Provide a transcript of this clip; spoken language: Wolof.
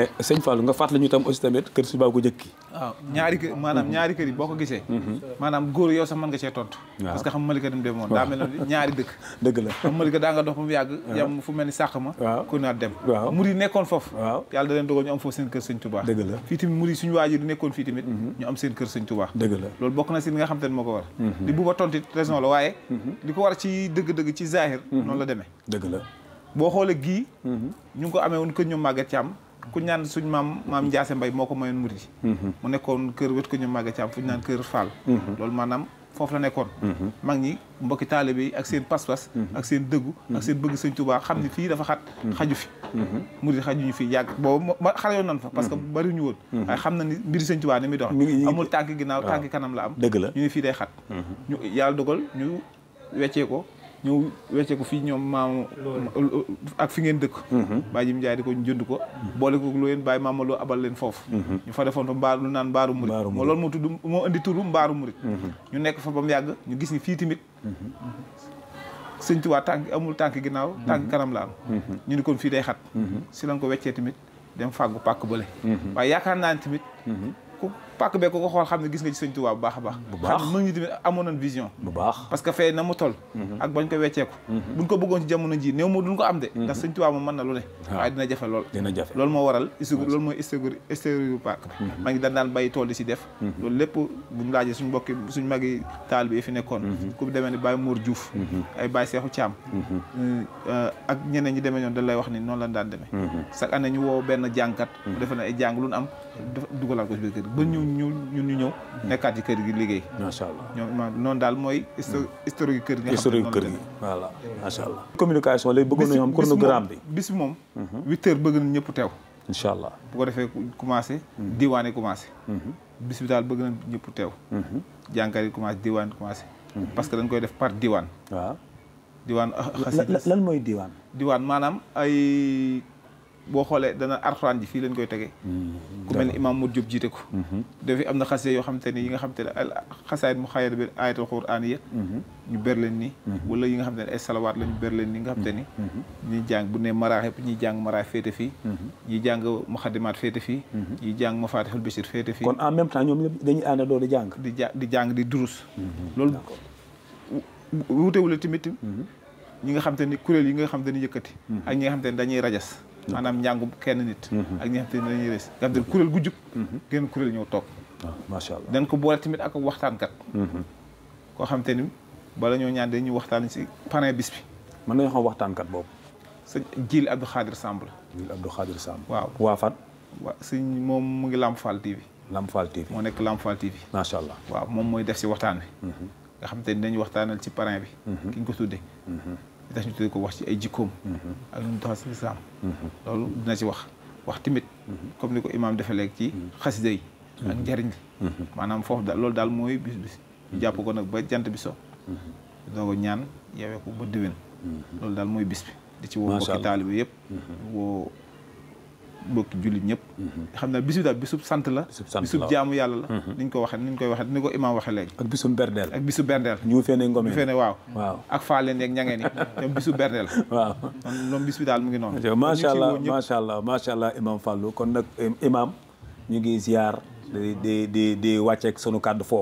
mais sëñ Fallou nga fàttali ñu tamit kër suñu baabu njëkk yi. waaw ñaari kër yi boo ko gisee. Mm-hmm. maanaam góor yow sax mën nga cee tontu. parce que xam Malika dem demoon ñaari dëgg da mm-hmm. dëgg la loolu bokk na si nga xam te ne moo ko war. li mm-hmm. bu tontit raison la waaye. li ko war ci dëgg-dëgg ci zahir. noonu la demee. dëgg la boo xoolee gii. ñu ngi amee woon kër ñoom Maguette Thiam ku ñaan suñ maam maam Ndiassé mbay moo ko mayoon murid mhm. mu nekkoon kër wet ko ñu màgg ci am fu ñu naan kër Fall mhm. loolu maanaam foofu la nekkoon mhm. mag ñi mbokki taalibe yi ak seen pas-pas ak seen dëggu ak seen bëgg sëñ tubaa xam ni fii dafa xat xaju fi murid xaju ñu fi yàgg boobu xale yoon nan fa parce que bari ñu woon waaye xam na ni mbiri sëñ Tuubaa ni muy dox amul tànk ginnaaw tànk kanam la am dëgg la ñu ne fii day xat ñu yàlla dogal ñu weccee ko ñu wecce ko fii ñoom maam ak fi ngeen dëkk mhm. Baye Jim Ndiaye di ko ñu jënd ko mhm. boole ko lu leen bàyyi ma loo abal leen foofu mhm. ñu fa defoon fa mbaaru lu naan mbaaru murit moo loolu moo tudd moo indi turu mu murit ñu nekk fa ba mu yàgg ñu gis ñi fii tamit sëñ waa tànk amul tànk ginnaaw tànk kanam la am ñu ni kon fii day xat si lañ ko weccee tamit dem fàggu pàkk bële waaye yaakaar naa ni tamit ku pàkk bee ko ko xool xam ne gis nga ci sëñ Tuubaa bu baax a baax xam ne mag tamit amoon nañ vision bu baax parce que fee na mu toll mhm. ak bañ ko wecceeku mhm. buñ ko bëggoon ci jamono ji néew moo duñ ko am de mhm. ndax sëñ Tuubaa moom na lu ne waaye waral istog loolu mooy daan daan tool di si def loolu lépp laajee suñ mbokki suñ magi taal bi fi nekkoon ku demee ni Baye Mour Diouf ay Baye Seexu Caam euh, ak ñi demee ñoon dañ lay wax ni noonu la daan demee chaque année ñu woo benn jàngkat mu defe na ay jàng lu am dugalaat ko si biir kër gi ba ñu ñu ñëw nekkaat ci kër gi liggéey ma noonu daal mooy hmm. historique kër gi nga xam ne kër gi voilà macha allah communication lay bëggoon nañu am chronogramme bi bis moom hmm. huit commencé hmm. diwaane commencé bis bi daal bëgg na ñëpp teew jànkat yi commencé diwaan commencé parce que dañ koy def par diwaan waaw diwaan ah, lan mooy diwaan diwaan maanaam ay boo xoolee dana arxuraan ji fii leen koy tegee hmm, ku mel ni imaam Modou Diop jiite ko hmm. dafi am na xasida yoo xam te yi nga xam ne xasaayit mu xayat bi hmm. ñu ber leen ni wala yi nga xam ne ay salawaat la ñu ber leen ni nga xam te ni ñuy jàng bu ne maraax yëpp ñuy jàng maraax féete fii ñuy jàng muxadimaat féete fii ñuy jàng mafaatixul bashir féete fii kon en même temps ñoom ñëpp dañuy àndandoo di di jàng di jàng di durus loolu wutewul tamit ñi nga xam te ni kuréel yi nga xam te ni yëkkati ak ñi nga xam dañuy rajas maanaam njàngu kenn nit mhm. ak ñi nga xam te ne dañuy nga xam te kuréel gu jub mhm. génn kuréel ñëw toog ah, macha allah dañ ko boole tamit ak waxtaan kat mhm. koo xam te ni bala ñoo ñaan dañuy waxtaan ci parrain bis bi mën nañoo xam waxtaankat boobu sëñ Jil Abdou Khadir Samb la Jil Abdou Khadir waaw waa fan waaw sëñ moom mu ngi Lamp Fall TV Lamp Fall moo nekk Lamp Fall TV macha allah waaw moom mooy def ci waxtaan bi nga xam te ni dañuy waxtaanal ci parrain bi ki ñu ko tuddee li tax ñu tuddee ko wax ci ay jikkoom mm-hmm. ak ñu doxal ci mm-hmm. loolu dina ci wax wax tamit mm-hmm. comme ni ko imaam defee lekk ci xasida yi ak njariñ li maanaam foofu daal loolu daal mooy bis bis jàpp ko nag ba jant bi so dooga ñaan yeewee ko ba déwén loolu daal mooy bis bi di ci woo bokki taalibe yëpp woo mbokki jullit ñëpp mhm. xam naa bis bi daal bisub sant la bisub jaamu yàlla la mhm. niñ ko waxee niñ koy waxee ni ko imaam waxee léegi ak bisub berdeel ak bisu berdeel ñu fee ne ngome ñu fee ne waaw waaw ak faaleen yeeg ñangeeni ñoom bisu berdeel waaw noonu bis bi daal mu ngi noonu macha allah macha allah macha allah imaam Fallou kon nag imaam ñu ngi ziar di di di di wàcceeg sunu kàddu foofu